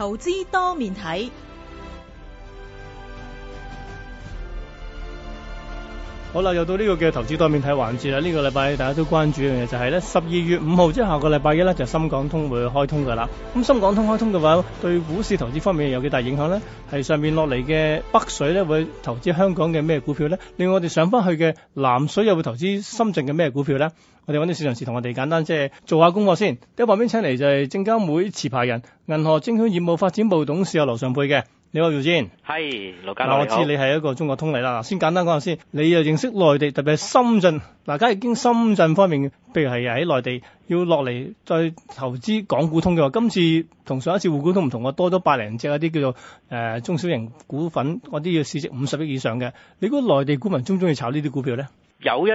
投資多面睇，好啦，又到呢個嘅投資多面睇環節啦。呢、呢個禮拜大家都關注嘅嘢，就係咧十二月五號，即係下個禮拜一咧，就深港通會開通噶啦。咁深港通開通嘅話，對股市投資方面有幾大影響咧？係上面落嚟嘅北水咧，會投資香港嘅咩股票咧？另外，我哋上翻去嘅南水又會投資深圳嘅咩股票咧？我哋搵啲市場人士同我哋簡單即係做下功課先。喺旁邊請嚟就係證監會持牌人、銀河證券業務發展部董事阿羅尚沛嘅，你好，羅生。係，劉簡我知你係一個中國通嚟啦。好先簡單講下先。你又認識內地，特別係深圳。嗱，假如經深圳方面，譬如係喺內地要落嚟再投資港股通嘅話，今次同上一次滬股通唔同，我多咗百零隻一啲叫做誒中小型股份，我啲要市值五十億以上嘅。你估內地股民中唔中意炒呢啲股票咧？有一。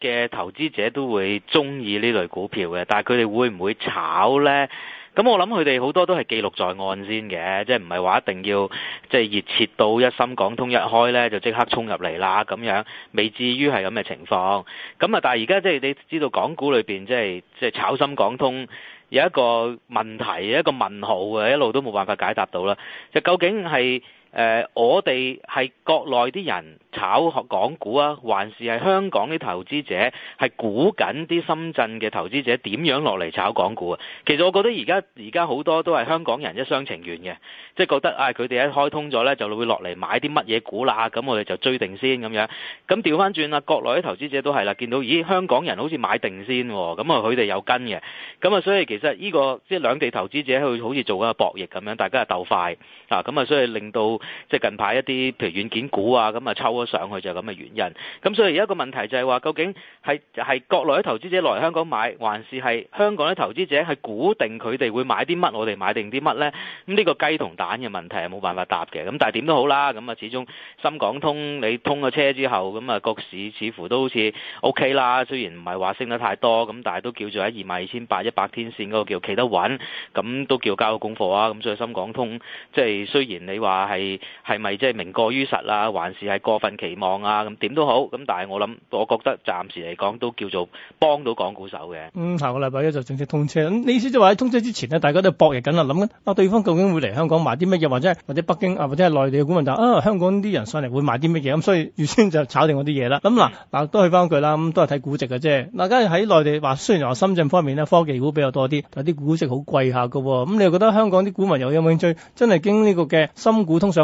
嘅投資者都會中意呢類股票嘅，但係佢哋會唔會炒呢？咁我諗佢哋好多都係記錄在案先嘅，即係唔係話一定要即係熱切到一深港通一開呢，就即刻衝入嚟啦咁樣，未至於係咁嘅情況。咁啊，但係而家即係你知道港股裏面，就是，即係即係炒深港通有一個問題，有一個問號嘅一路都冇辦法解答到啦。就究竟係？誒、呃，我哋係國內啲人炒港股啊，還是係香港啲投資者係估緊啲深圳嘅投資者點樣落嚟炒港股啊？其實我覺得而家而家好多都係香港人一廂情願嘅，即係覺得啊，佢、哎、哋一開通咗呢，就會落嚟買啲乜嘢股啦，咁我哋就追定先咁樣。咁調翻轉啦，國內啲投資者都係啦，見到咦香港人好似買定先喎、哦，咁啊佢哋有跟嘅，咁啊所以其實呢、這個即係、就是、兩地投資者去好似做一個博弈咁樣，大家係鬥快啊，咁啊所以令到。即係近排一啲譬如軟件股啊，咁啊抽咗上去就係咁嘅原因。咁所以而家個問題就係話，究竟係係國內投資者嚟香港買，還是係香港嘅投資者係估定佢哋會買啲乜，我哋買定啲乜呢？咁呢個雞同蛋嘅問題係冇辦法答嘅。咁但係點都好啦，咁啊始終深港通你通咗車之後，咁啊個市似乎都好似 O K 啦。雖然唔係話升得太多，咁但係都叫做喺二萬二千八一百天線嗰個叫企得穩，咁都叫交個功課啊。咁所以深港通即係雖然你話係。係咪即係名過於實啊？還是係過分期望啊？咁點都好，咁但係我諗，我覺得暫時嚟講都叫做幫到港股手嘅。嗯，下個禮拜一就正式通車。咁你意思就話喺通車之前咧，大家都博弈緊啦，諗緊啊對方究竟會嚟香港買啲乜嘢，或者或者北京啊，或者係內地嘅股民就啊香港啲人上嚟會買啲乜嘢？咁所以預先就炒定嗰啲嘢啦。咁嗱嗱都去翻句啦，咁都係睇估值嘅啫。大家喺內地話，雖然話深圳方面咧科技股比較多啲，但啲股息好貴下㗎。咁、啊、你又覺得香港啲股民又有冇興趣真係經呢個嘅深股通上？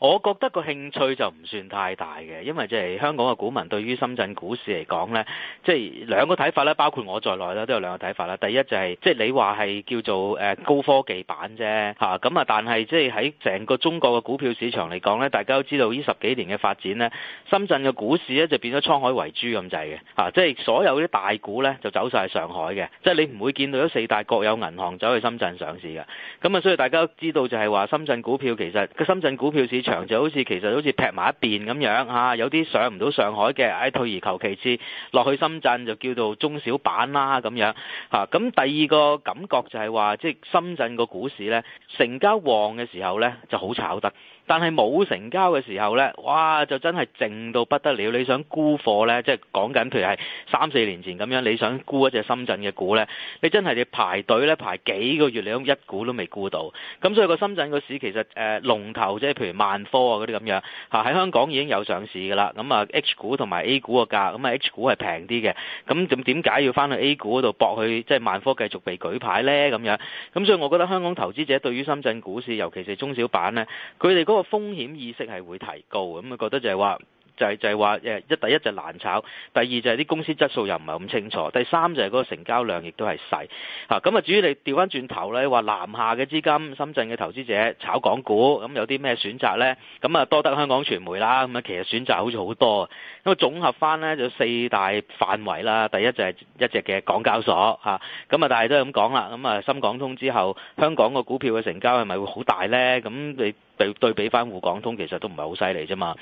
我覺得個興趣就唔算太大嘅，因為即係香港嘅股民對於深圳股市嚟講呢，即係兩個睇法咧，包括我在內都有兩個睇法啦。第一就係即係你話係叫做高科技版啫，咁啊！但係即係喺成個中國嘅股票市場嚟講呢，大家都知道呢十幾年嘅發展呢，深圳嘅股市咧就變咗滄海為珠咁滯嘅，嚇！即係所有啲大股呢就走晒上海嘅，即係你唔會見到啲四大國有銀行走去深圳上市嘅。咁啊，所以大家都知道就係話深圳股票其實個深圳股票市場就好似其實好似劈埋一邊咁樣、啊、有啲上唔到上海嘅，唉、哎、退而求其次落去深圳就叫做中小板啦、啊、咁樣嚇。咁、啊、第二個感覺就係話，即係深圳個股市呢，成交旺嘅時候呢就好炒得，但係冇成交嘅時候呢，哇就真係靜到不得了。你想沽貨呢，即係講緊譬如係三四年前咁樣，你想沽一隻深圳嘅股呢，你真係你排隊呢，排幾個月，你都一股都未沽到。咁所以個深圳個市其實誒、呃、龍頭即係譬如萬科啊嗰啲咁樣吓，喺香港已經有上市噶啦，咁啊 H 股同埋 A 股嘅價，咁啊 H 股係平啲嘅，咁仲點解要翻去 A 股嗰度搏去即係萬科繼續被舉牌咧咁樣。咁所以我覺得香港投資者對於深圳股市，尤其是中小板咧，佢哋嗰個風險意識係會提高，咁啊覺得就係話。就係就係話誒一第一就難炒，第二就係啲公司質素又唔係咁清楚，第三就係嗰個成交量亦都係細嚇。咁啊，至於你調翻轉頭咧，話南下嘅資金、深圳嘅投資者炒港股，咁有啲咩選擇咧？咁啊，多得香港傳媒啦。咁啊，其實選擇好似好多。因為總合翻咧，就四大範圍啦。第一就係一隻嘅港交所嚇。咁啊，但係都係咁講啦。咁啊，深港通之後，香港個股票嘅成交係咪會好大咧？咁你對對比翻滬港通，其實都唔係好犀利啫嘛。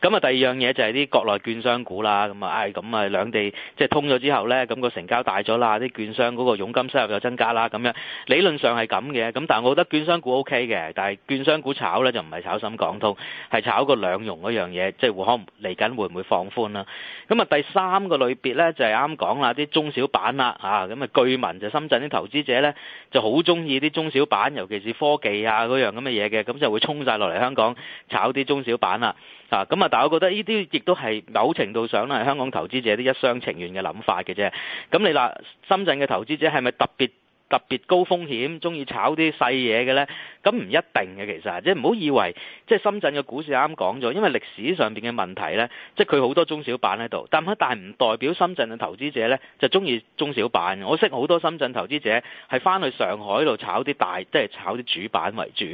咁啊，第二樣，嘢就係啲國內券商股啦，咁啊，唉，咁啊，兩地即係通咗之後呢，咁個成交大咗啦，啲券商嗰個佣金收入又增加啦，咁樣理論上係咁嘅，咁但係我覺得券商股 OK 嘅，但係券商股炒呢，就唔係炒深港通，係炒個兩融嗰樣嘢，即係會可嚟緊會唔會放寬啦？咁啊，第三個類別呢，就係啱講啦，啲中小板啦，啊，咁啊，據聞就深圳啲投資者呢，就好中意啲中小板，尤其是科技啊嗰樣咁嘅嘢嘅，咁就會衝晒落嚟香港炒啲中小板啦。啊，咁啊，但係我覺得呢啲亦都係某程度上咧，係香港投資者啲一廂情願嘅諗法嘅啫。咁你嗱，深圳嘅投資者係咪特別特別高風險，中意炒啲細嘢嘅咧？咁唔一定嘅，其實即係唔好以為，即係深圳嘅股市啱講咗，因為歷史上邊嘅問題咧，即係佢好多中小板喺度，但係但係唔代表深圳嘅投資者咧就中意中小板。我識好多深圳投資者係翻去上海度炒啲大，即係炒啲主板為主。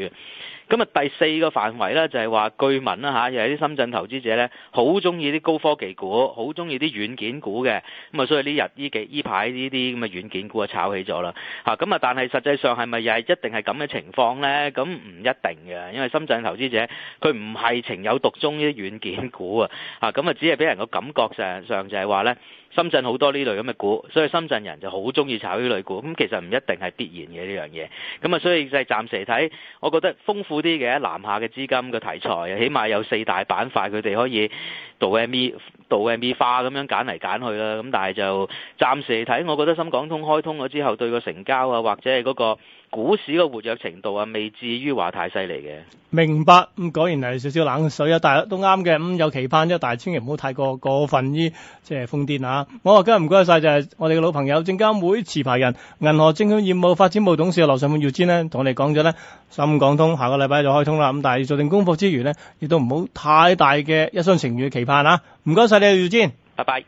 咁啊，第四個範圍咧就係話據聞啦嚇，又有啲深圳投資者咧，好中意啲高科技股，好中意啲軟件股嘅，咁啊，所以呢日呢幾呢排呢啲咁嘅軟件股啊炒起咗啦嚇，咁啊，但係實際上係咪又係一定係咁嘅情況咧？咁唔一定嘅，因為深圳投資者佢唔係情有獨鍾呢啲軟件股啊，嚇咁啊，只係俾人個感覺上，就係話咧。深圳好多呢類咁嘅股，所以深圳人就好中意炒呢類股。咁其實唔一定係必然嘅呢樣嘢。咁啊，所以就係暫時嚟睇，我覺得豐富啲嘅南下嘅資金嘅題材，起碼有四大板塊佢哋可以做 M E、做 M E 化咁樣揀嚟揀去啦。咁但係就暫時嚟睇，我覺得深港通開通咗之後，對個成交啊，或者係嗰個，股市嘅活躍程度啊，未至於話太犀利嘅。明白，咁果然係少少冷水啊，大家都啱嘅。咁、嗯、有期盼啫，但係千祈唔好太過過分呢，即係瘋癲啊！今謝謝我今日唔該晒，就係我哋嘅老朋友，證監會持牌人、銀河證券業務發展部董事羅尚沛、月堅呢，同我哋講咗呢。深港通下個禮拜就開通啦。咁但係做定功課之餘呢，亦都唔好太大嘅一廂情願嘅期盼啊！唔該晒你、啊，月堅，拜拜。